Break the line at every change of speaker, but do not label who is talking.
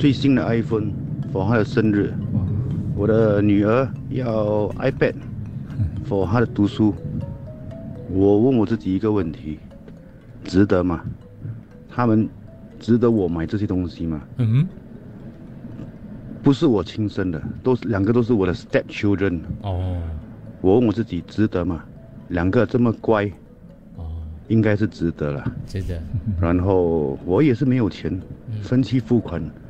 最新的 iPhone，for 他的生日，我的女兒要 iPad，for 她的讀書、嗯。我問我自己一個問題：值得嗎？他們值得我買這些東西嗎？嗯
哼、
嗯。不是我親生的，都是兩個都是我的 stepchildren。哦。我問我自己值得嗎？兩個這麼乖，哦、應該是值得了。值得。然後我也是沒有錢，嗯、分期付款。